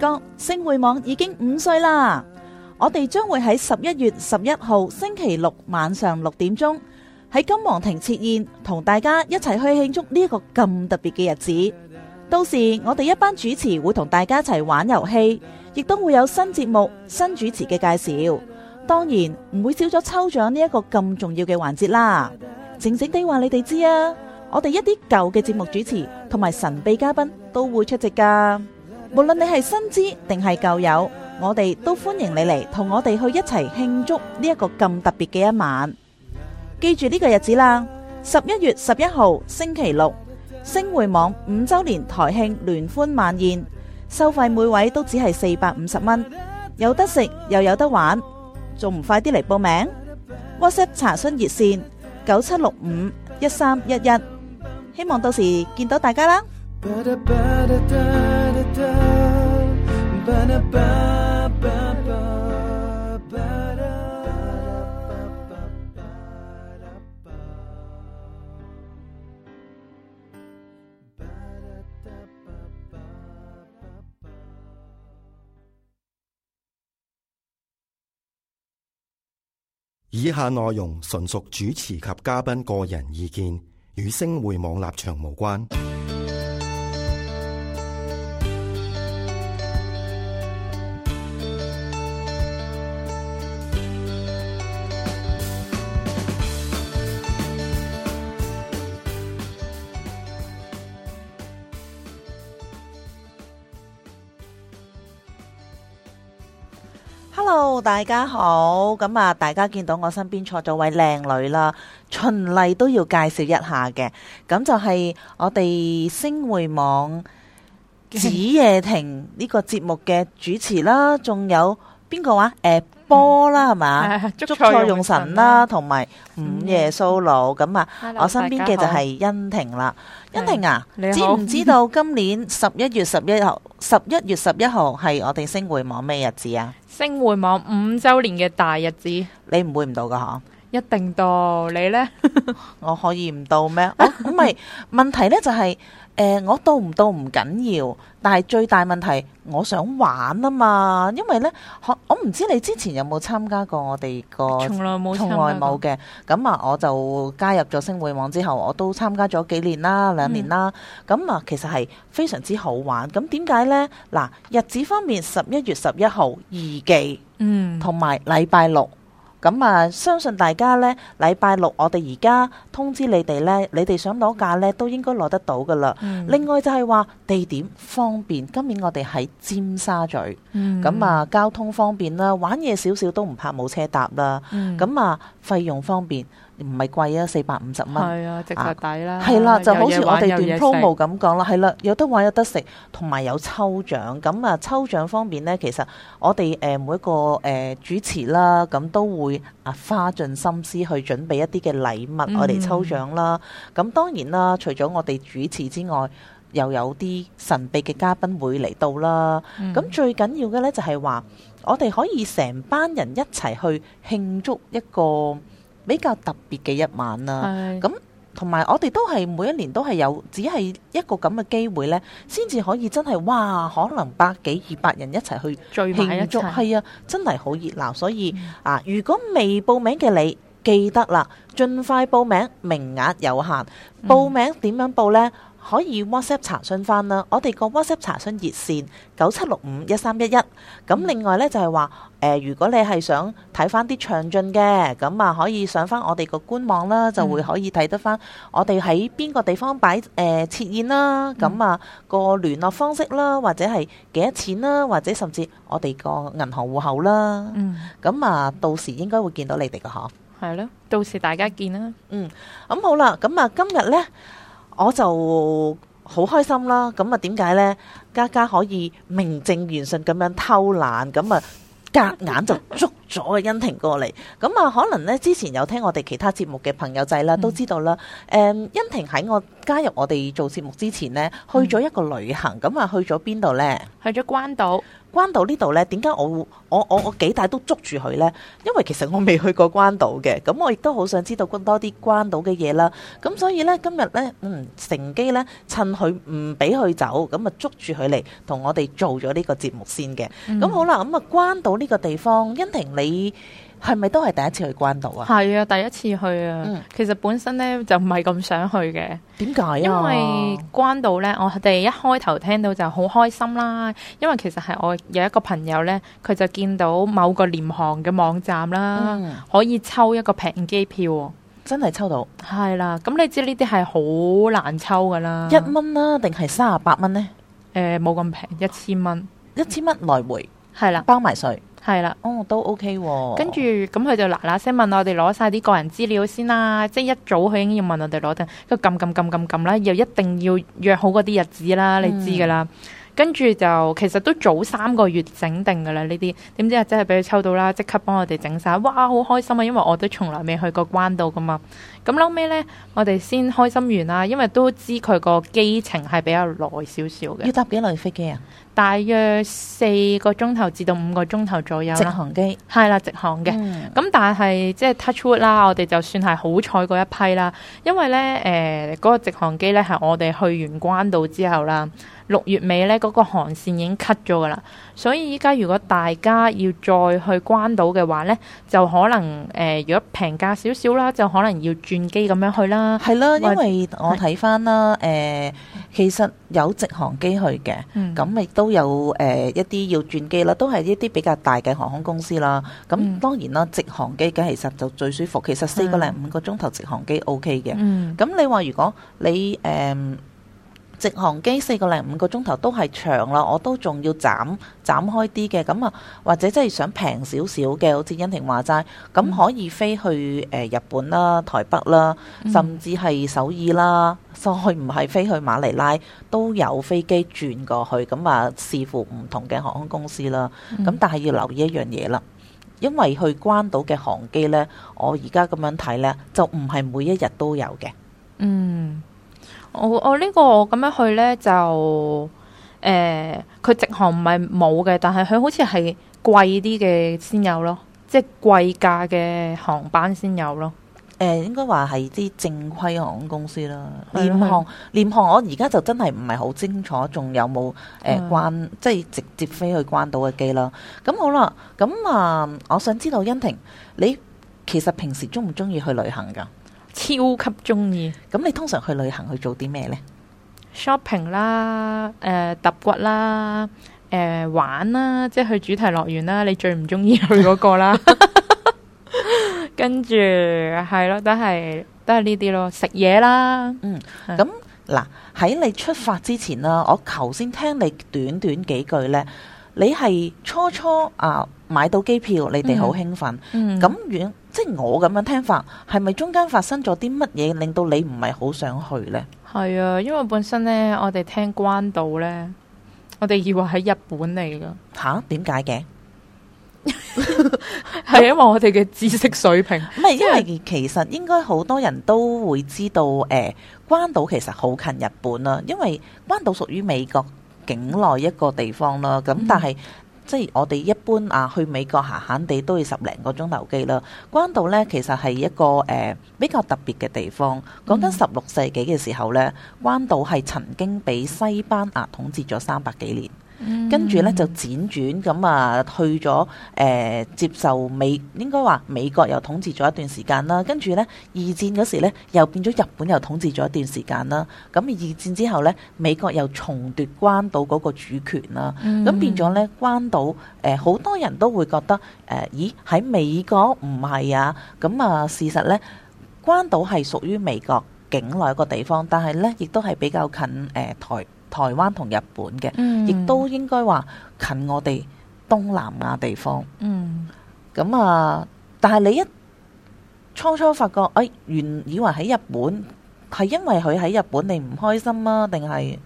哥，星匯網已經五歲啦！我哋將會喺十一月十一號星期六晚上六點鐘喺金皇庭設宴，同大家一齊去慶祝呢一個咁特別嘅日子。到時我哋一班主持會同大家一齊玩遊戲，亦都會有新節目、新主持嘅介紹。當然唔會少咗抽獎呢一個咁重要嘅環節啦。靜靜地話你哋知啊，我哋一啲舊嘅節目主持同埋神秘嘉賓都會出席㗎。無論你係新知定係舊友，我哋都歡迎你嚟同我哋去一齊慶祝呢一個咁特別嘅一晚。記住呢個日子啦，十一月十一號星期六，星匯網五周年台慶聯歡晚宴，收費每位都只係四百五十蚊，有得食又有得玩，仲唔快啲嚟報名？WhatsApp 查詢熱線九七六五一三一一，希望到時見到大家啦。以下內容純屬主持及嘉賓個人意見，與星會網立場無關。hello，大家好，咁、嗯、啊，大家見到我身邊坐咗位靚女啦，循例都要介紹一下嘅，咁就係我哋星匯網紫夜庭呢個節目嘅主持啦，仲有邊個話誒？呃波啦係嘛，捉錯用神啦，同埋午夜蘇魯咁啊！我身邊嘅就係欣婷啦，欣婷啊，知唔知道今年十一月十一號，十一月十一號係我哋星匯網咩日子啊？星匯網五周年嘅大日子，你唔會唔到噶吓？一定到，你呢？我可以唔到咩？哦，咁咪問題呢，就係。誒、欸，我到唔到唔緊要，但係最大問題，我想玩啊嘛，因為呢，我唔知你之前有冇參加過我哋、嗰個星匯網，從來冇、從來冇嘅。咁啊，我就加入咗星匯網之後，我都參加咗幾年啦，兩年啦。咁啊、嗯，其實係非常之好玩。咁點解呢？嗱，日子方面，十一月十一號二記，同埋禮拜六。咁啊，相信大家呢禮拜六我哋而家通知你哋呢，你哋想攞假呢，都應該攞得到噶啦。嗯、另外就係話地點方便，今年我哋喺尖沙咀，咁、嗯、啊交通方便啦，玩嘢少少都唔怕冇車搭啦。咁、嗯、啊費用方便，唔係貴啊，四百五十蚊，係的啊，值曬抵啦！係啦，就好似我哋們段 promo 咁講啦，係啦，有得玩有得食，同埋有、有抽獎。咁啊，抽獎方面呢，其實我哋誒、呃、每一個誒、呃、主持啦，咁都會啊花盡心思去準備一啲嘅禮物，我哋抽獎啦。咁、嗯、當然啦，除咗我哋主持之外，又有啲神秘嘅嘉賓會嚟到啦。咁、嗯、最緊要嘅呢，就係、是、話我哋可以成班人一齊去慶祝一個比較特別嘅一晚啦、啊，咁同埋我哋都係每一年都係有，只係一個咁嘅機會呢，先至可以真係哇，可能百幾二百人一齊去慶祝，係啊，真係好熱鬧。所以、嗯、啊，如果未報名嘅你，記得啦，盡快報名，名額有限，報名點樣報呢？嗯.可以 WhatsApp 查詢翻啦，我哋個 WhatsApp 查詢熱線九七六五一三一一。咁另外呢，就係話，誒，如果你係想睇翻啲詳盡嘅，咁啊可以上翻我哋個官網啦，嗯、就會可以睇得翻我哋喺邊個地方擺誒設宴啦，咁啊、嗯、個聯絡方式啦，或者係幾多錢啦，或者甚至我哋個銀行戶口啦。嗯，咁啊到時應該會見到你哋噶呵。係咯、嗯，到時大家見啦。嗯，咁好啦，咁啊今日呢。我就好開心啦！咁啊，點解呢？家家可以名正言順咁樣偷懶，咁啊，隔眼就硬捉咗阿欣婷過嚟，咁啊，可能呢，之前有聽我哋其他節目嘅朋友仔啦，都知道啦。誒、嗯嗯，欣婷喺我加入我哋做節目之前呢，去咗一個旅行，咁啊去咗邊度呢？去咗關島。關島呢度呢，點解我我我我幾大都捉住佢呢？因為其實我未去過關島嘅，咁我亦都好想知道多啲關島嘅嘢啦。咁所以呢，今日呢，嗯，乘機呢，趁佢唔俾，佢走，咁啊捉住佢嚟同我哋做咗呢個節目先嘅。咁、嗯、好啦，咁啊關島呢個地方，欣婷你，係咪都係第一次去關島啊？係啊，第一次去啊。嗯、其實本身呢，就唔係咁想去嘅。點解？因為關島呢，我哋一開頭聽到就好開心啦。因為其實係我有一個朋友呢，佢就見到某個廉航嘅網站啦，嗯、可以抽一個平機票，啊，真係抽到。係啦，咁你知呢啲係好難抽噶啦。一蚊啦，定係三十八蚊呢？誒、呃，冇咁平，一千蚊，一千蚊來回，係啦，包埋稅。係啦，哦都 OK 喎、哦。跟住咁佢就嗱嗱聲問我哋攞晒啲個人資料先啦，即係一早佢已經要問我哋攞定，佢撳撳撳撳撳啦，又一定要約好嗰啲日子啦，你知噶啦。跟住就其實都早三個月整定噶啦呢啲，點知啊真係俾佢抽到啦，即刻幫我哋整晒，哇好開心啊，因為我都從來未去過關島噶嘛。咁後尾咧，我哋先開心完啦，因為都知佢個機程係比較耐少少嘅。要搭幾耐飛機啊？大約四個鐘頭至到五個鐘頭左右啦。直航機係啦，直航嘅。咁、嗯、但係即係 Touch Wood 啦，我哋就算係好彩嗰一批啦，因為咧誒嗰個直航機咧係我哋去完關島之後啦，六月尾咧嗰個航線已經 cut 咗噶啦。所以依家如果大家要再去關島嘅話呢，就可能誒、呃，如果平價少少啦，就可能要轉機咁樣去啦。係啦的，者因為我睇翻啦，誒的、呃，其實有直航機去嘅，咁亦、嗯、都有誒一啲要轉機啦，都係一啲比較大嘅航空公司啦。咁當然啦，嗯、直航機嘅其實就最舒服，其實四個零五個鐘頭直航機 O K 嘅。咁、嗯、你話如果你誒、呃直航機四個零五個鐘頭都係長啦，我都仲要斬斬開啲嘅，咁啊，或者真係想平少少嘅，好似欣婷話齋，咁可以飛去誒、呃、日本啦、台北啦，甚至係首爾啦，再唔係飛去馬尼拉都有飛機轉過去，咁啊，視乎唔同嘅航空公司啦，咁、嗯、但係要留意一樣嘢啦，因為去關島嘅航機呢，我而家咁樣睇呢，就唔係每一日都有嘅，嗯。我我呢個咁樣去呢，就誒，佢、呃、直航唔係冇嘅，但係佢好似係貴啲嘅先有咯，即係貴價嘅航班先有咯。誒、呃，應該話係啲正規航空公司啦。廉航的廉航，的廉航我而家就真係唔係好清楚有有，仲有冇誒關即係直接飛去關島嘅機啦。咁好啦，咁啊、呃，我想知道欣婷，你其實平時鍾唔鍾意去旅行噶？超級中意，咁你通常去旅行去做啲咩呢？shopping 啦，誒、呃，揼骨啦，誒、呃，玩啦，即係去主題樂園啦。你最唔中意去嗰個啦， 跟住係咯，都係都係呢啲咯，食嘢啦。嗯，咁，嗱，喺你出發之前啦，我頭先聽你短短幾句呢：「你係初初啊買到機票，你哋好興奮，咁、嗯嗯嗯即係我咁樣聽法，係咪中間發生咗啲乜嘢，令到你唔係好想去呢？係啊，因為本身呢，我哋聽關島呢，我哋以為喺日本嚟噶。吓、啊？點解嘅？係 因為我哋嘅知識水平。唔係，因為其實應該好多人都會知道，誒、呃，關島其實好近日本啦。因為關島屬於美國境內一個地方啦。咁但係。嗯即係我哋一般啊，去美國閒閒地都要十零個鐘頭留機啦。關島呢，其實係一個誒、呃、比較特別嘅地方。講緊十六世紀嘅時候呢，關島係曾經畀西班牙統治咗三百幾年。跟住咧就輾轉咁啊，去咗誒、呃、接受美應該話美國又統治咗一段時間啦。跟住咧二戰嗰時咧，又變咗日本又統治咗一段時間啦。咁二戰之後咧，美國又重奪關島嗰個主權啦。咁、嗯、變咗咧關島誒好、呃、多人都會覺得誒、呃，咦喺美國唔係啊？咁啊事實咧，關島係屬於美國境內一個地方，但係咧亦都係比較近誒、呃、台。台灣同日本嘅，亦都應該話近我哋東南亞地方。咁、嗯、啊，但係你一初初發覺，哎，原以為喺日本係因為佢喺日本你唔開心啊，定係？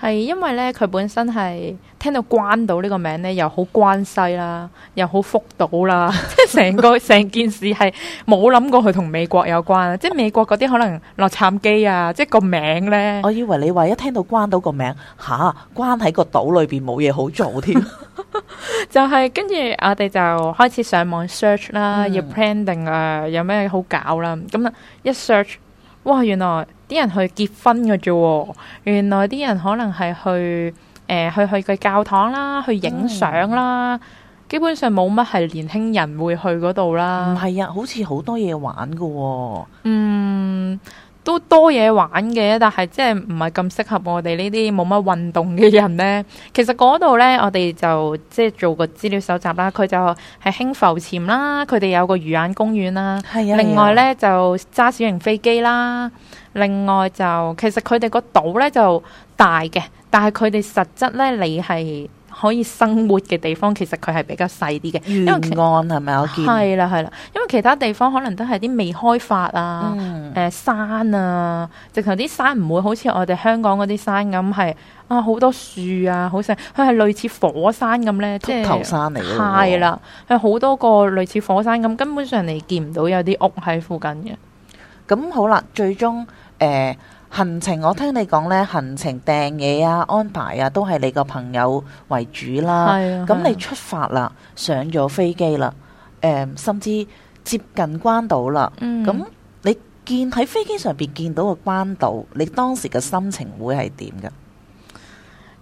係因為咧，佢本身係聽到關島呢個名咧，又好關西啦，又好福島啦，即係成個成件事係冇諗過佢同美國有關， 即係美國嗰啲可能洛杉磯啊，即係個名咧。我以為你話一聽到關島個名，吓，關喺個島裏邊冇嘢好做添、 就係。就係跟住我哋就開始上網 search 啦，嗯、要 plan 定啊，有咩好搞啦、啊。咁啊一 search，哇原來。啲人去結婚嘅啫，原來啲人可能係去誒、呃、去去個教堂啦，去影相啦，基本上冇乜係年輕人會去嗰度啦。唔係啊，好似好多嘢玩嘅，哦，嗯，都多嘢玩嘅，但係即係唔係咁適合我哋呢啲冇乜運動嘅人咧。其實嗰度咧，我哋就即係做個資料搜集啦。佢就係興浮潛啦，佢哋有個魚眼公園啦，係啊、係啊、另外咧就揸小型飛機啦。另外就其實佢哋個島咧就大嘅，但係佢哋實質咧你係可以生活嘅地方，其實佢係比較細啲嘅。因為沿岸係咪啊？係啦係啦，因為其他地方可能都係啲未開發啊，誒、嗯、山啊，直頭啲山唔會好似我哋香港嗰啲山咁係啊好多樹啊，好似佢係類似火山咁咧，即係禿頭山嚟嘅。係啦，佢好多個類似火山咁，根本上你見唔到有啲屋喺附近嘅。咁好啦，最終。呃、行程我聽你講呢，行程訂嘢啊、安排啊，都係你個朋友為主啦。咁係你出發啦，係上咗飛機啦、呃，甚至接近關島啦。咁、嗯、你見喺飛機上邊見到個關島，你當時嘅心情會係點噶？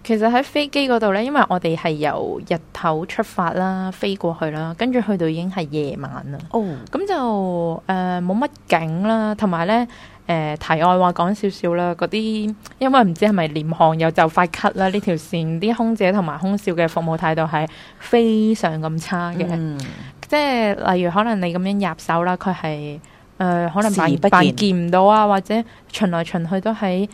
其實喺飛機嗰度呢，因為我哋係由日頭出發啦，飛過去啦，跟住去到已經係夜晚、哦呃、啦。哦。咁就誒冇乜景啦，同埋呢。誒、呃、題外話講少少啦，嗰啲因為唔知係咪廉航又就快咳啦？呢條線啲空姐同埋空少嘅服務態度係非常咁差嘅，嗯、即係例如可能你咁樣入手啦，佢係誒可能辦見唔到啊，或者巡來巡去都喺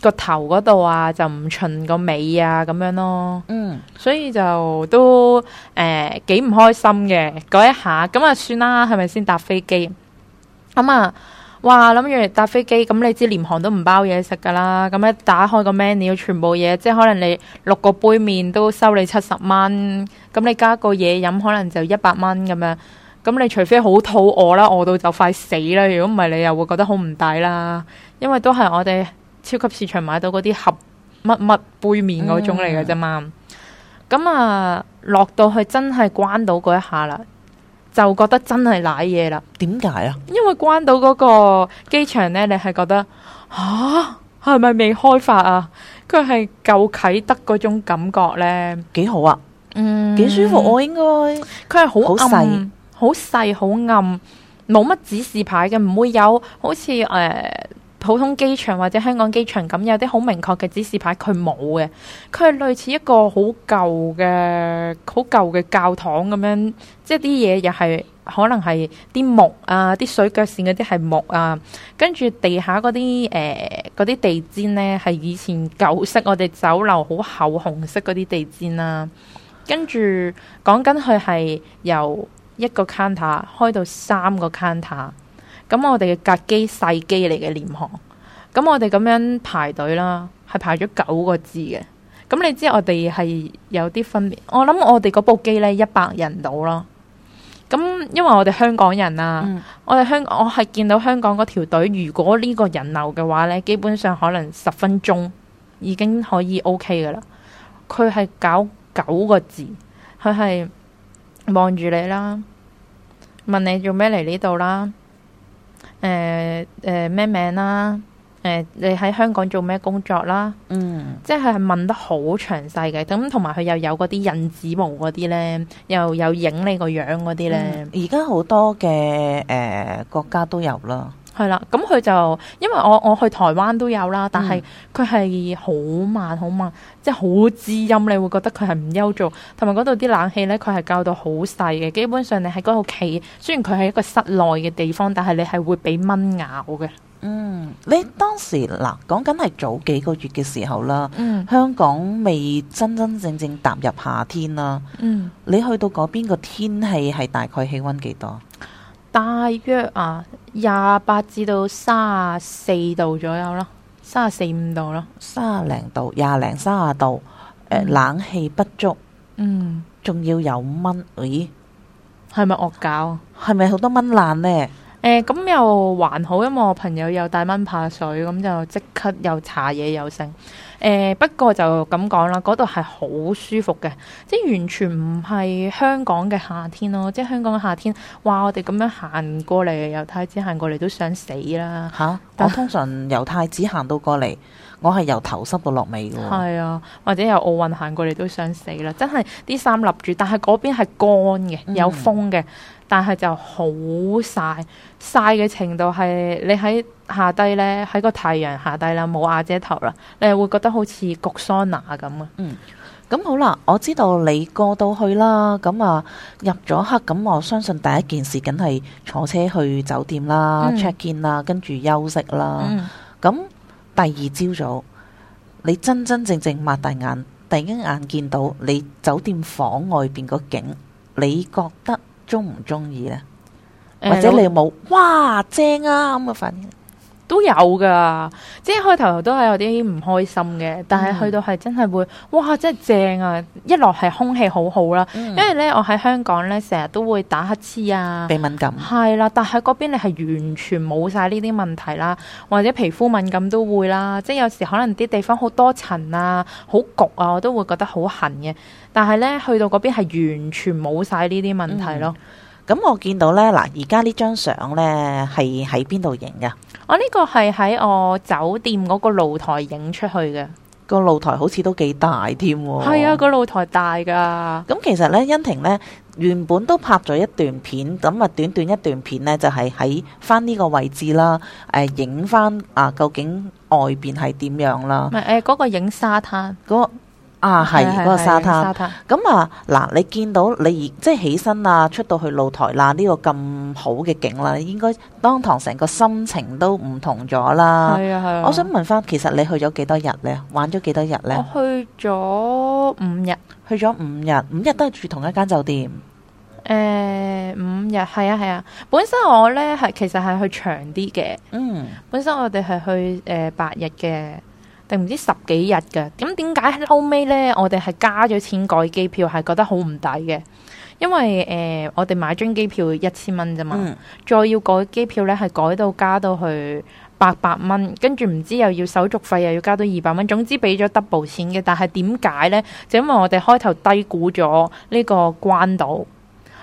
個頭嗰度啊，就唔巡個尾啊咁樣咯。嗯，所以就都誒幾唔開心嘅嗰一下，咁啊算啦，係咪先搭飛機咁、嗯、啊？哇！諗住搭飛機，咁你知廉航都唔包嘢食噶啦。咁一打開個 menu，全部嘢，即係可能你六個杯麵都收你七十蚊，咁你加個嘢飲可能就一百蚊咁樣。咁你除非好肚餓啦，餓到就快死啦。如果唔係，你又會覺得好唔抵啦。因為都係我哋超級市場買到嗰啲盒乜乜杯麵嗰種嚟嘅啫嘛。咁、嗯嗯、啊，落到去真係關到嗰一下啦。就覺得真係瀨嘢啦，點解啊？因為關島嗰個機場呢，你係覺得吓係咪未開發啊？佢係舊啟德嗰種感覺呢，幾好啊，嗯，幾舒服，啊。我應該佢係好暗，好細，好細，好暗，冇乜指示牌嘅，唔會有好似誒。呃普通機場或者香港機場咁有啲好明確嘅指示牌，佢冇嘅，佢係類似一個好舊嘅、好舊嘅教堂咁樣，即係啲嘢又係可能係啲木啊、啲水腳線嗰啲係木啊，跟住地下嗰啲誒啲地氈呢，係以前舊式我哋酒樓好厚紅色嗰啲地氈啦、啊，跟住講緊佢係由一個 counter 開到三個 counter。咁我哋嘅格機細機嚟嘅廉航，咁我哋咁樣排隊啦，係排咗九個字嘅。咁你知我哋係有啲分別，我諗我哋嗰部機呢，一百人到咯。咁因為我哋香港人啊，嗯、我哋香港我係見到香港嗰條隊，如果呢個人流嘅話呢，基本上可能十分鐘已經可以 OK 噶啦。佢係搞九個字，佢係望住你啦，問你做咩嚟呢度啦。誒誒咩名啦、啊？誒、呃，你喺香港做咩工作啦、啊？嗯，即係係問得好詳細嘅，咁同埋佢又有嗰啲印指模嗰啲咧，又有影你個樣嗰啲咧。而家好多嘅誒、呃、國家都有咯。係啦，咁佢就，嗯、因為我我去台灣都有啦，但係佢係好慢好慢，即係好滋陰，你會覺得佢係唔休作，同埋嗰度啲冷氣呢，佢係較到好細嘅，基本上你喺嗰度企，雖然佢係一個室內嘅地方，但係你係會俾蚊咬嘅。嗯，你當時嗱，講緊係早幾個月嘅時候啦，嗯、香港未真真正正踏入夏天啦、啊。嗯，你去到嗰邊個天氣係大概氣溫幾多？大約啊。廿八至到三啊四度左右咯，三十四五度咯，三啊零度，廿零三啊度，呃嗯、冷氣不足，嗯，仲要有蚊，咦，係咪惡搞啊？係咪好多蚊爛呢？咁、呃、又還好，因為我朋友又帶蚊怕水，咁就即刻又搽嘢又剩。誒、呃、不過就咁講啦，嗰度係好舒服嘅，即係完全唔係香港嘅夏天咯。即係香港嘅夏天，哇！我哋咁樣行過嚟，由太子行過嚟都想死啦。嚇哈！ 我通常由太子行到過嚟，我係由頭濕到落尾嘅喎。係啊，或者由奧運行過嚟都想死啦，真係啲衫立住，但係嗰邊係乾嘅，嗯、有風嘅。但係就好晒，晒嘅程度係你喺下低呢，喺個太陽下低啦，冇阿姐頭瓦遮頭啦，你係會覺得好似焗桑拿咁啊。嗯，咁好啦，我知道你過到去啦。咁啊入咗黑咁，我相信第一件事梗係坐車去酒店啦，check in 啦，跟住休息啦。咁第二朝早你真真正正擘大眼，突然間眼見到你酒店房外邊個景，你覺得？中唔中意咧？喜喜嗯、或者你有冇？哇，正啊！咁嘅反應。都有噶，即係開頭都係有啲唔開心嘅，但係去到係真係會，哇，真係正啊！一落係空氣好好啦，嗯、因為咧我喺香港咧成日都會打乞嗤啊，鼻敏感係啦，但係嗰邊你係完全冇晒呢啲問題啦，或者皮膚敏感都會啦，即係有時可能啲地方好多塵啊，好焗啊，我都會覺得好痕嘅，但係咧去到嗰邊係完全冇晒呢啲問題咯。嗯咁我見到呢，嗱，而家呢張相呢係喺邊度影噶？我呢、哦這個係喺我酒店嗰個露台影出去嘅。個露台好似都幾大添喎。係啊，個露台大噶。咁其實呢，欣婷呢原本都拍咗一段片，咁啊短短一段片呢就係喺翻呢個位置啦。誒、呃，影翻啊，究竟外邊係點樣啦？咪誒，嗰、呃那個影沙灘。啊，係嗰的個沙灘，咁啊嗱，你見到你即係起身啊，出到去露台啦，呢、這個咁好嘅景啦，應該當堂成個心情都唔同咗啦。係啊係啊！我想問翻，其實你去咗幾多日咧？玩咗幾多日咧？我去咗五日，去咗五日，五日都係住同一間酒店。誒、呃，五日係啊係啊，本身我咧係其實係去長啲嘅。嗯，本身我哋係去誒八、呃、日嘅。定唔知十幾日嘅，咁點解後尾呢，我哋係加咗錢改機票，係覺得好唔抵嘅？因為誒、呃，我哋買張機票一千蚊咋嘛，嗯、再要改機票呢，係改到加到去八百蚊，跟住唔知又要手續費又要加到二百蚊，總之俾咗 double 錢嘅。但係點解呢？就因為我哋開頭低估咗呢個關島。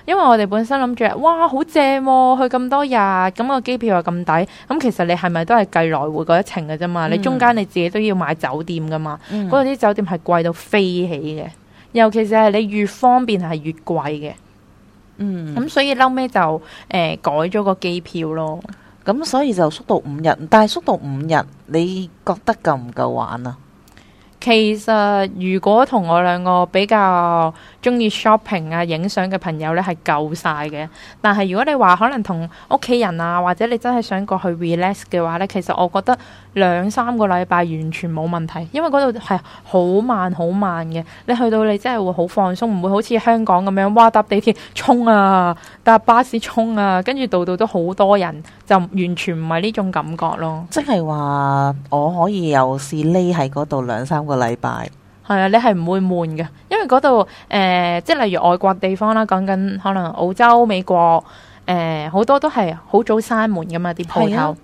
因為我哋本身諗住，哇，好正喎，去咁多日，咁、個機票又咁抵，咁其實你係咪都係計來回嗰一程嘅啫嘛？嗯、你中間你自己都要買酒店噶嘛？嗰度啲酒店係貴到飛起嘅，尤其是係你越方便係越貴嘅。嗯，咁所以嬲尾就誒、呃、改咗個機票咯。咁所以就縮到五日，但係縮到五日，你覺得夠唔夠玩啊？其實如果同我兩個比較中意 shopping 啊、影相嘅朋友咧，係夠晒嘅。但係如果你話可能同屋企人啊，或者你真係想過去 relax 嘅話咧，其實我覺得兩三個禮拜完全冇問題，因為度係好慢好慢嘅。你去到你真係會好放鬆，唔會好似香港咁樣，哇，搭地鐵衝啊，搭巴士衝啊，跟住度度都好多人，就完全唔係呢種感覺咯。即係話我可以又試匿喺度兩三。個禮拜係啊，你係唔會悶噶，因為嗰度誒，即係例如外國地方啦，講緊可能澳洲、美國，誒、呃，好多都係好早閂門噶嘛，啲鋪頭。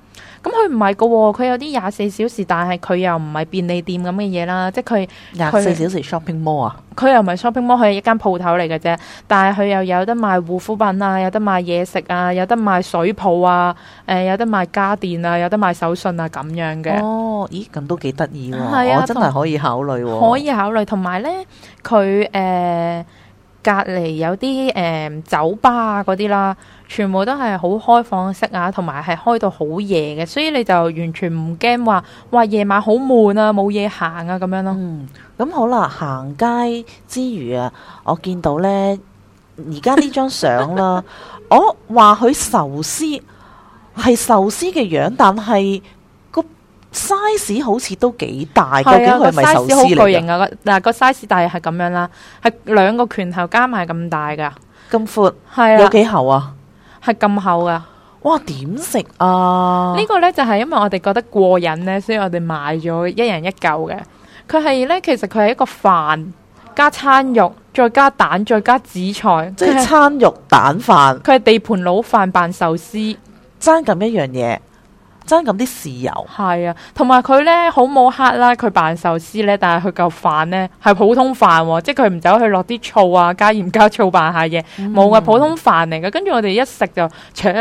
咁佢唔係嘅，佢有啲廿四小時，但係佢又唔係便利店咁嘅嘢啦，即係佢廿四小時 shopping mall 啊？佢又唔係 shopping mall，佢係一間鋪頭嚟嘅啫。但係佢又有得賣護膚品啊，有得賣嘢食啊，有得賣水泡啊，誒、呃，有得賣家電啊，有得賣手信啊，咁樣嘅。哦，咦，咁都幾得意，係啊，真係可以考慮。可以考慮，同埋咧，佢誒隔籬有啲誒、呃、酒吧啊嗰啲啦。全部都係好開放式啊，同埋係開到好夜嘅，所以你就完全唔驚話，哇夜晚好悶啊，冇嘢行啊咁樣咯。嗯、咁好啦，行街之餘啊，我見到咧而家呢張相啦，我話佢壽司係壽司嘅樣，但係個 size 好似都幾大，啊、究竟佢係咪壽司嚟噶？嗱個 size、嗰個、大係咁樣啦、啊，係兩個拳頭加埋咁大噶，咁闊係啊，有幾厚啊？係咁厚㗎，哇！點食啊？呢個呢就係因為我哋覺得過癮呢，所以我哋買咗一人一嚿嘅。佢係呢，其實佢係一個飯加餐肉，再加蛋，再加紫菜，即係餐肉蛋飯。佢係地盤佬飯扮壽司，爭咁一樣嘢。真咁啲豉油，係啊，同埋佢咧好冇黑啦，佢扮壽司咧，但係佢嚿飯咧係普通飯喎，啊，即係佢唔走去落啲醋啊，加鹽加醋扮下嘢，冇啊，嗯，普通飯嚟嘅。跟住我哋一食就，切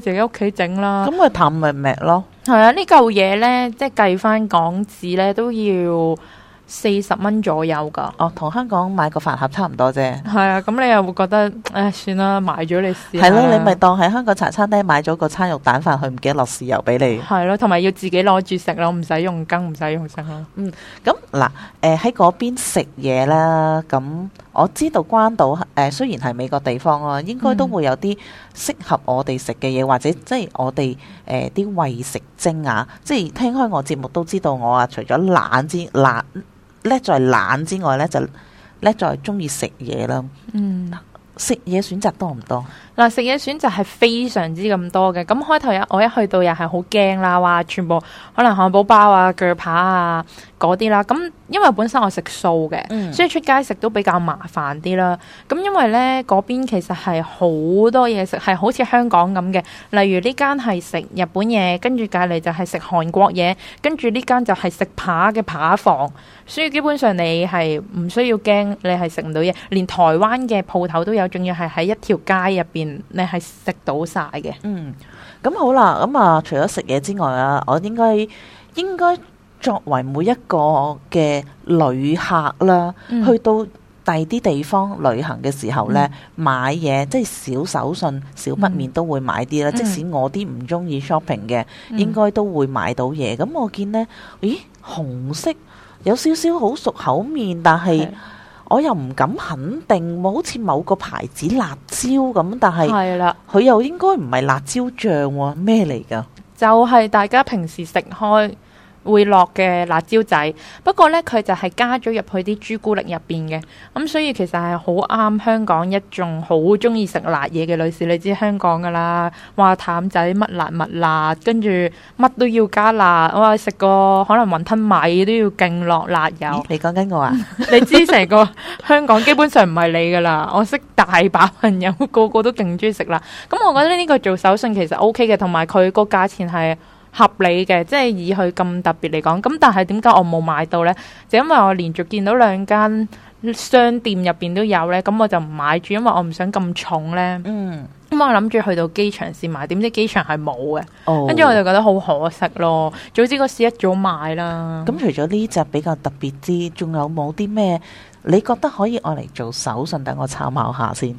自己屋企整啦。咁咪淡咪咪咯。係啊,這個，呢嚿嘢咧，即係計翻港紙咧都要。四十蚊左右噶，哦，同香港買個飯盒差唔多啫。係啊，咁你又會覺得，誒，算啦，買咗你試。係咯、啊，你咪當喺香港茶餐廳買咗個餐肉蛋飯，佢唔記得落豉油俾你。係咯、啊，同埋要自己攞住食咯，唔使用，用羹，唔使用食咯。嗯，咁嗱、嗯，誒喺嗰邊食嘢啦，咁、嗯、我知道關島誒、呃，雖然係美國地方啊，應該都會有啲適合我哋食嘅嘢，嗯、或者即係我哋誒啲為食精啊，即係聽開我節目都知道我，我啊除咗懶之懶。懶懶叻在懶之外咧，就叻在鍾意食嘢啦。嗯，食嘢選擇多唔多？嗱、嗯，食嘢選擇係非常之咁多嘅。咁開頭一我一去到又係好驚啦，話全部可能漢堡包啊、鋸扒啊嗰啲啦。咁因為本身我食素嘅，嗯、所以出街食都比較麻煩啲啦。咁因為咧嗰邊其實係好多嘢食，係好似香港咁嘅。例如呢間係食日本嘢，跟住隔離就係食韓國嘢，跟住呢間就係食扒嘅扒房。所以基本上你係唔需要驚，你係食唔到嘢。連台灣嘅鋪頭都有，仲要係喺一條街入邊，你係食到晒嘅、嗯。嗯，咁好啦，咁啊，除咗食嘢之外啊，我應該應該作為每一個嘅旅客啦，嗯、去到第啲地方旅行嘅時候咧，嗯、買嘢，即係小手信、小不免都會買啲啦。嗯、即使我啲唔中意 shopping 嘅，嗯、應該都會買到嘢。咁我見咧，咦，紅色。有少少好熟口面，但係我又唔敢肯定，好似某個牌子辣椒咁，但係係喇，佢又應該唔係辣椒醬咩嚟噶？就係大家平時食開，會落嘅辣椒仔，不過呢，佢就係加咗入去啲朱古力入邊嘅，咁、嗯、所以其實係好啱香港一眾好中意食辣嘢嘅女士。你知香港噶啦，話淡仔乜辣乜辣，跟住乜都要加辣。我話食個可能雲吞米都要勁落辣油。你講緊我啊？ 你知成個香港基本上唔係你噶啦， 我識大把朋友，個個都勁中意食辣。咁、嗯、我覺得呢個做手信其實 OK 嘅，同埋佢個價錢係。合理嘅，即係以佢咁特別嚟講，咁但係點解我冇買到呢？就是、因為我連續見到兩間商店入邊都有呢。咁我就唔買住，因為我唔想咁重呢。嗯，咁我諗住去到機場先買，點知機場係冇嘅。跟住、哦、我就覺得好可惜咯。早知嗰時一早買啦。咁、哦、除咗呢隻比較特別啲，仲有冇啲咩？你覺得可以我嚟做手信，等我參考下先。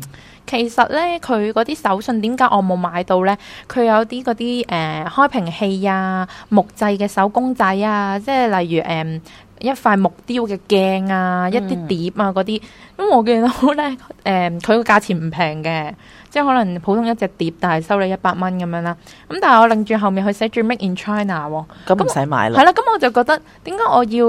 其實咧，佢嗰啲手信點解我冇買到咧？佢有啲嗰啲誒開瓶器啊、木製嘅手工仔啊，即係例如誒、呃、一塊木雕嘅鏡啊、一啲碟啊嗰啲。咁、嗯、我見到咧，誒佢個價錢唔平嘅，即係可能普通一隻碟，但係收你一百蚊咁樣啦。咁但係我拎住後面去寫住 Make in China 喎，咁唔使買啦。係啦，咁我就覺得點解我要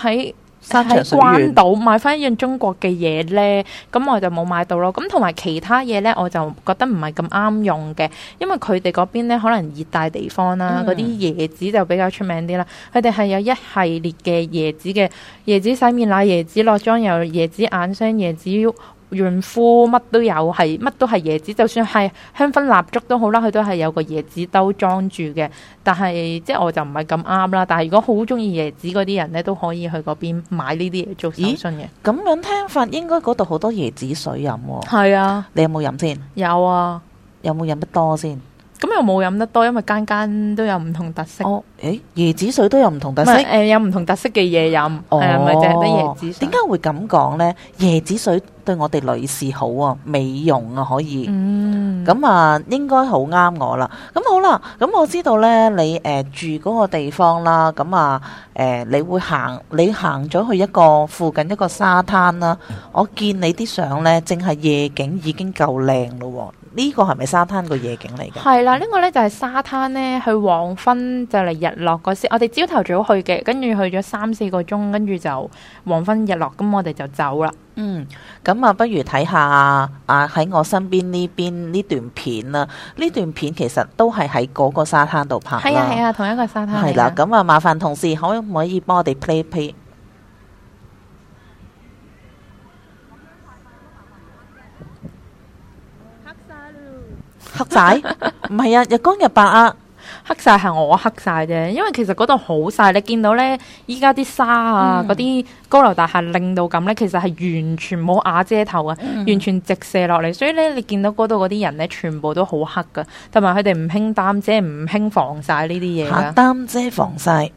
喺？但係關島買翻一樣中國嘅嘢咧，咁我就冇買到咯。咁同埋其他嘢咧，我就覺得唔係咁啱用嘅，因為佢哋嗰邊咧可能熱帶地方啦、啊，嗰啲、嗯、椰子就比較出名啲啦。佢哋係有一系列嘅椰子嘅椰子洗面奶、椰子落妝油、椰子眼霜、椰子潤膚乜都有，係乜都係椰子，就算係香薰蠟燭都好啦，佢都係有個椰子兜裝住嘅。但係即係我就唔係咁啱啦。但係如果好中意椰子嗰啲人呢，都可以去嗰邊買呢啲嘢做手信嘅。咁樣聽法，應該嗰度好多椰子水飲喎。係啊，你有冇飲先？有啊，有冇飲得多先？咁又冇飲得多，因為間間都有唔同特色。誒、哦欸，椰子水都有唔同特色。誒、呃，有唔同特色嘅嘢飲，係咪淨係得椰子水？點解會咁講咧？椰子水對我哋女士好啊，美容啊可以。嗯。咁啊，應該好啱我啦。咁好啦，咁我知道咧，你誒、呃、住嗰個地方啦，咁啊，誒、呃、你會行，你行咗去一個附近一個沙灘啦。我見你啲相咧，淨係夜景已經夠靚咯。呢個係咪沙灘個夜景嚟嘅？係啦，呢個呢就係沙灘呢。去黃昏就嚟日落嗰時，我哋朝頭早去嘅，跟住去咗三四個鐘，跟住就黃昏日落，咁我哋就走啦。嗯，咁啊，不如睇下啊喺我身邊呢邊呢段片啦，呢段片其實都係喺嗰個沙灘度拍。係啊係啊，同一個沙灘嚟嘅。係啦，咁啊，麻煩同事可唔可以幫我哋 play 黑晒？唔係啊，日光日白啊。黑晒係我黑晒啫，因為其實嗰度好曬，你見到呢，依家啲沙啊，嗰啲，嗯、高樓大廈令到咁呢，其實係完全冇瓦遮頭啊，嗯、哼完全直射落嚟，所以呢，你見到嗰度嗰啲人呢，全部都好黑噶，同埋佢哋唔興擔遮，唔興防曬呢啲嘢啊。擔遮防曬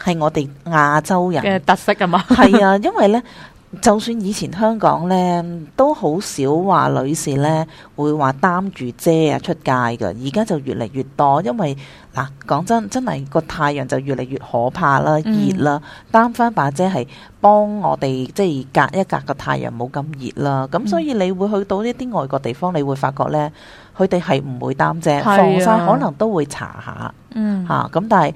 係，嗯、我哋亞洲人嘅特色啊嘛？係 啊，因為呢。就算以前香港咧，都好少話女士咧會話擔住遮啊出街嘅。而家就越嚟越多，因為嗱講真，真係個太陽就越嚟越可怕啦，熱啦，擔翻、嗯、把遮係幫我哋即係隔一隔個太陽冇咁熱啦。咁、嗯、所以你會去到呢啲外國地方，你會發覺咧，佢哋係唔會擔遮，防曬是、啊、可能都會查下，嗯吓，咁但係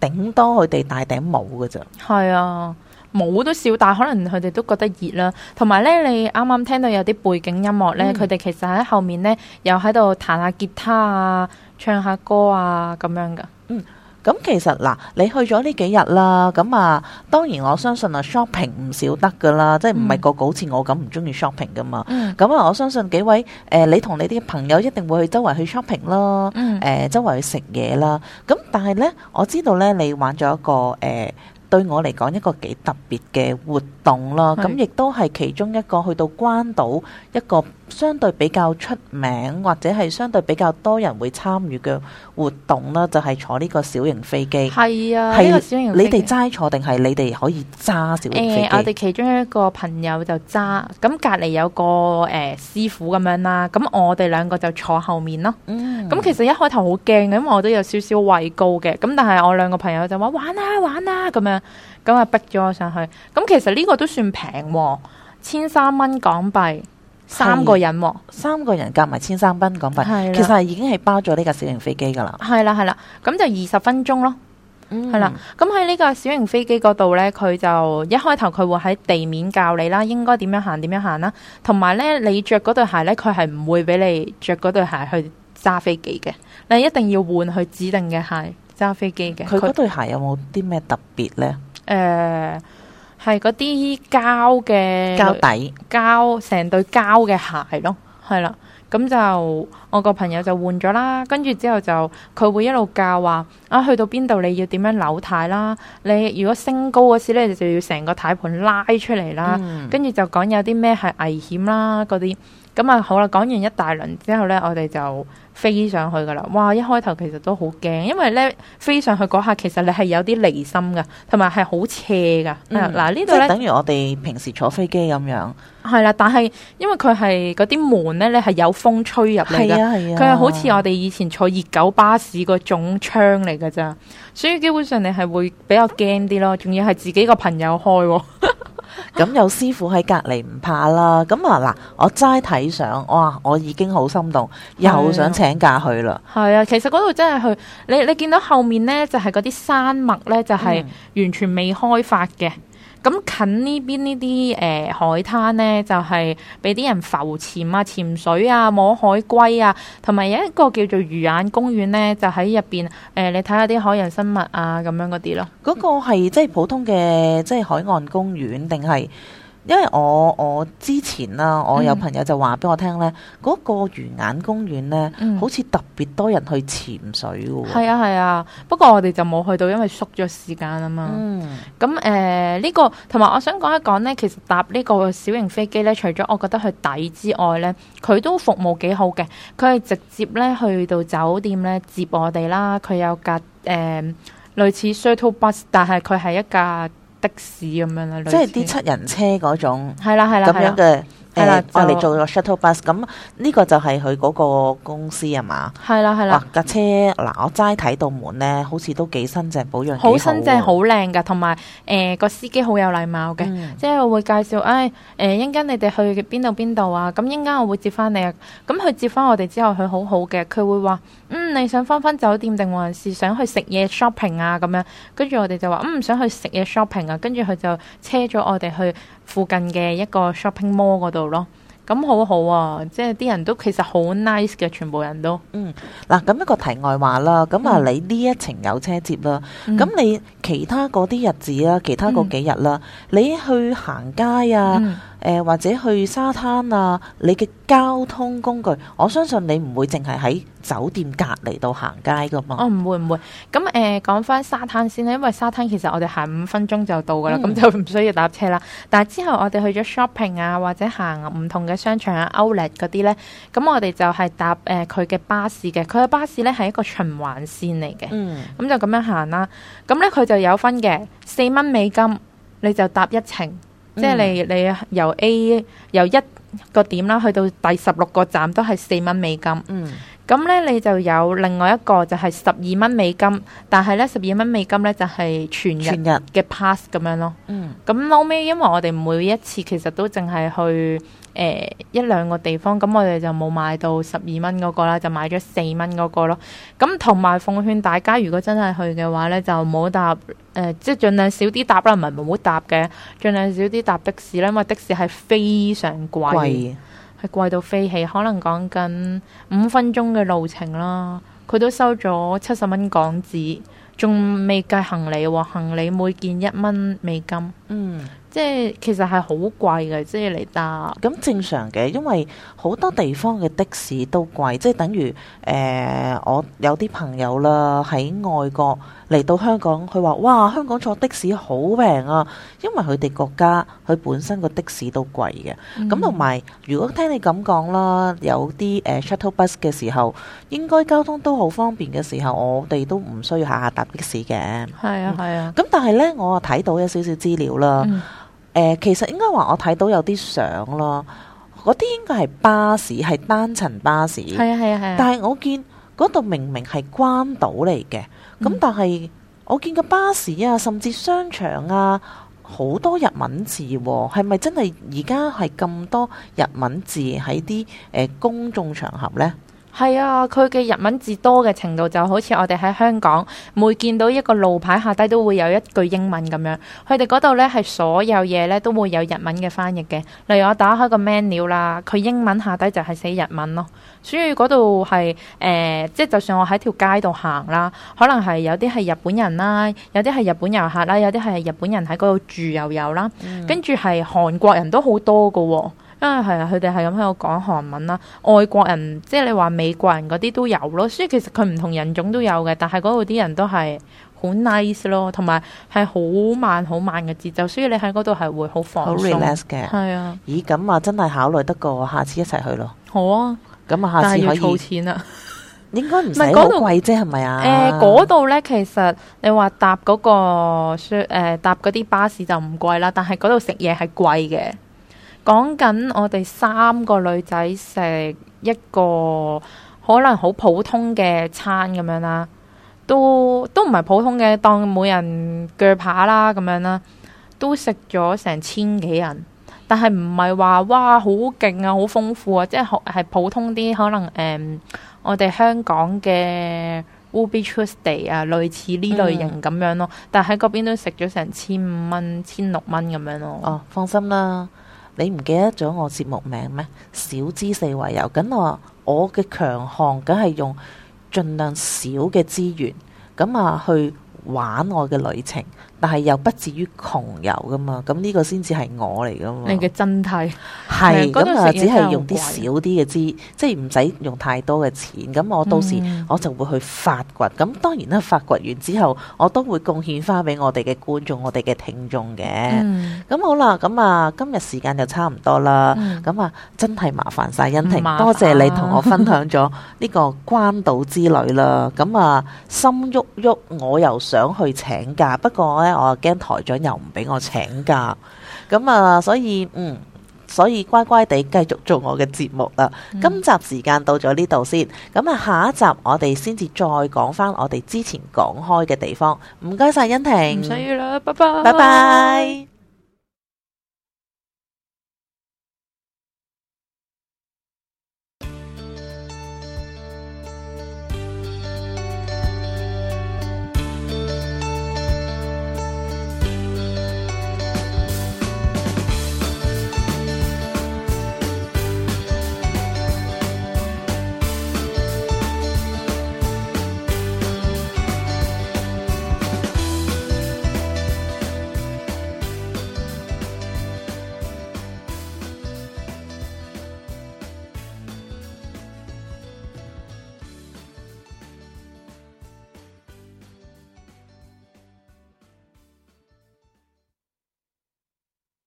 頂多佢哋戴頂帽嘅啫。係啊。冇都少，但可能佢哋都覺得熱啦。同埋咧，你啱啱聽到有啲背景音樂咧，佢哋、嗯、其實喺後面咧又喺度彈下吉他啊，唱下歌啊咁樣噶。嗯，咁其實嗱，你去咗呢幾日啦，咁啊，當然我相信啊 shopping 唔少得噶啦，嗯、即係唔係個個好似我咁唔中意 shopping 噶嘛。咁、嗯、啊，我相信幾位誒、呃，你同你啲朋友一定會去周圍去 shopping 啦，誒、嗯呃，周圍去食嘢啦。咁但係咧，我知道咧，你玩咗一個誒。欸嗯對我嚟講一個幾特別嘅活動咯，咁是亦都係其中一個去到關島一個，相對比較出名或者係相對比較多人會參與嘅活動啦，就係、係、坐呢個小型飛機。係啊，係啊，你哋齋坐定係你哋可以揸小型飛機，呃？我哋其中一個朋友就揸咁，隔離有個誒、呃、師傅咁樣啦。咁我哋兩個就坐後面咯。嗯，咁其實一開頭好驚嘅，因為我都有少少畏高嘅。咁但係我兩個朋友就話玩啊玩啊咁樣，咁啊逼咗我上去。咁其實呢個都算平喎，千三蚊港幣。三個人，三個人夾埋千三蚊港幣，的其實已經係包咗呢架小型飛機噶啦。係啦，係啦，咁就二十分鐘咯。係啦、嗯，咁喺呢架小型飛機嗰度呢，佢就一開頭佢會喺地面教你啦，應該點樣行，點樣行啦。同埋呢，你着嗰對鞋呢，佢係唔會俾你着嗰對鞋去揸飛機嘅。你一定要換去指定嘅鞋揸飛機嘅。佢嗰對鞋有冇啲咩特別呢？誒。呃係嗰啲膠嘅膠底、膠成對膠嘅鞋咯，係啦，咁就我個朋友就換咗啦，跟住之後就佢會一路教話啊，去到邊度你要點樣扭軚啦，你如果升高嗰時咧，你就要成個軚盤拉出嚟，啦，跟住、嗯、就講有啲咩係危險啦嗰啲，咁啊好啦，講完一大輪之後咧，我哋就。飛上去噶啦，哇！一開頭其實都好驚，因為咧飛上去嗰下，其實你係有啲離心噶，同埋係好斜噶。嗱、嗯，啊、呢度咧，等於我哋平時坐飛機咁樣。係啦，但係因為佢係嗰啲門咧，咧係有風吹入嚟噶，佢係、啊啊、好似我哋以前坐熱狗巴士嗰種窗嚟噶咋，所以基本上你係會比較驚啲咯，仲要係自己個朋友開。咁 有師傅喺隔籬唔怕啦，咁啊嗱，我齋睇相，哇，我已經好心動，又想請假去啦。係啊，係啊，其實嗰度真係去，你你見到後面呢，就係嗰啲山脈呢，就係、是、完全未開發嘅。嗯咁近呢邊呢啲誒海灘呢，就係俾啲人浮潛啊、潛水啊、摸海龜啊，同埋有一個叫做魚眼公園呢，就喺入邊誒，你睇下啲海洋生物啊咁樣嗰啲咯。嗰個係即係普通嘅即係海岸公園定係？因為我我之前啦，我有朋友就話俾我聽咧，嗰、嗯、個魚眼公園咧，嗯、好似特別多人去潛水㗎喎。係啊係啊，不過我哋就冇去到，因為縮咗時間啊嘛。咁誒呢個同埋我想講一講咧，其實搭呢個小型飛機咧，除咗我覺得佢抵之外咧，佢都服務幾好嘅。佢係直接咧去到酒店咧接我哋啦，佢有架誒、呃、類似 shuttle bus，但係佢係一架。的士咁樣啦，即係啲七人車嗰種，係啦係啦咁樣嘅。係啦，哎啊、就嚟、啊、做咗 shuttle bus，咁呢個就係佢嗰個公司係嘛？係啦係啦。架車嗱、啊，我齋睇到門咧，好似都幾新淨，保養幾好。好新淨，好靚噶，同埋誒個司機好有禮貌嘅，嗯、即係會介紹，誒、哎、誒，一陣、呃、間你哋去邊度邊度啊？咁一陣間我會接翻你啊。咁佢接翻我哋之後，佢好好嘅，佢會話嗯，你想翻翻酒店定還是想去食嘢 shopping 啊？咁樣跟住我哋就話嗯，想去食嘢 shopping 啊。跟住佢就車咗我哋去附近嘅一個 shopping mall 度。咯，咁好好啊，即係啲人都其實好 nice 嘅，全部人都。嗯，嗱，咁一個題外話啦，咁啊，你呢一程有車接啦，咁你其他嗰啲日子啊，其他嗰幾日啦，嗯、你去行街啊。嗯誒、呃、或者去沙灘啊！你嘅交通工具，我相信你唔會淨係喺酒店隔離度行街噶嘛。哦，唔會唔會。咁誒講翻沙灘先啦，因為沙灘其實我哋行五分鐘就到噶啦，咁、嗯、就唔需要搭車啦。但係之後我哋去咗 shopping 啊，或者行唔同嘅商場啊、Outlet 嗰啲咧，咁我哋就係搭誒佢嘅巴士嘅。佢嘅巴士咧係一個循環線嚟嘅。嗯。咁就咁樣行啦。咁咧佢就有分嘅，四蚊美金你就搭一程。即係你你由 A 由一個點啦，去到第十六個站都係四蚊美金。嗯咁咧，你就有另外一個就係十二蚊美金，但係咧十二蚊美金咧就係、是、全日嘅 pass 咁樣咯。嗯。咁後尾，因為我哋每一次其實都淨係去誒、呃、一兩個地方，咁我哋就冇買到十二蚊嗰個啦，就買咗四蚊嗰個咯。咁同埋奉勸大家，如果真係去嘅話咧，就冇搭誒、呃，即係盡量少啲搭啦，唔係唔好搭嘅，盡量少啲搭的士啦，因為的士係非常貴，貴。係貴到飛起，可能講緊五分鐘嘅路程啦，佢都收咗七十蚊港紙，仲未計行李喎，行李每件一蚊美金。嗯。即係其實係好貴嘅，即係嚟搭。咁正常嘅，因為好多地方嘅的，的士都貴，即係等於誒、呃，我有啲朋友啦喺外國嚟到香港，佢話：哇，香港坐的士好平啊！因為佢哋國家佢本身個的，的士都貴嘅。咁同埋，如果聽你咁講啦，有啲誒 shuttle bus 嘅時候，應該交通都好方便嘅時候，我哋都唔需要下下搭的士嘅。係啊，係啊。咁、嗯、但係呢，我睇到有少少資料啦。嗯誒、呃，其實應該話我睇到有啲相咯，嗰啲應該係巴士，係單層巴士。係啊係啊係但係我見嗰度明明係關島嚟嘅，咁但係我見個巴士啊，甚至商場啊，好多日文字喎，係咪真係而家係咁多日文字喺啲誒公眾場合咧？係啊，佢嘅日文字多嘅程度就好似我哋喺香港每見到一個路牌下低都會有一句英文咁樣，佢哋嗰度呢係所有嘢呢都會有日文嘅翻譯嘅。例如我打開個 menu 啦，佢英文下低就係寫日文咯。所以嗰度係誒，即係就算我喺條街度行啦，可能係有啲係日本人啦，有啲係日本遊客啦，有啲係日本人喺嗰度住又有啦，跟住係韓國人都好多噶喎。啊，係啊，佢哋係咁喺度講韓文啦，外國人即係你話美國人嗰啲都有咯，所以其實佢唔同人種都有嘅，但係嗰度啲人都係好 nice 咯，同埋係好慢好慢嘅節奏，所以你喺嗰度係會好放鬆嘅，係啊。的的咦，咁啊，真係考慮得過，下次一齊去咯。好啊，咁啊，下次可以儲錢啊， 應該唔使度位啫，係咪啊？誒的，嗰度咧，其實你話搭嗰個，誒搭嗰啲巴士就唔貴啦，但係嗰度食嘢係貴嘅。講緊我哋三個女仔食一個可能好普通嘅餐咁樣啦，都都唔係普通嘅，當每人鋸扒啦咁樣啦，都食咗成千幾人，但係唔係話哇好勁啊，好豐富啊，即係係普通啲，可能誒、嗯，我哋香港嘅 Ruby Tuesday 啊，類似呢類型咁樣咯，嗯、但喺嗰邊都食咗成千五蚊，千六蚊咁樣咯。哦，放心啦。你唔記得咗我節目名咩？小資四圍遊，咁我我嘅強項，梗係用盡量少嘅資源，咁啊去玩我嘅旅程。但係又不至於窮遊㗎嘛，咁呢個先至係我嚟㗎嘛。你嘅真諦係，咁啊是只係用啲少啲嘅資，乖乖即係唔使用太多嘅錢。咁我到時我就會去發掘。咁、嗯、當然啦，發掘完之後，我都會貢獻返俾我哋嘅觀眾、我哋嘅聽眾嘅。咁、嗯、好啦，咁啊今日時間就差唔多啦。咁啊、嗯、真係麻煩晒欣婷，多謝你同我分享咗呢個關島之旅啦。咁啊、嗯嗯、心喐喐，我又想去請假，不過我又驚台長又唔俾我請假，咁啊所以嗯，所以乖乖地繼續做我嘅節目啦。嗯、今集時間到咗呢度先，咁啊下一集我哋先至再講返我哋之前講開嘅地方。唔該晒欣婷，唔需要啦，拜拜，拜拜。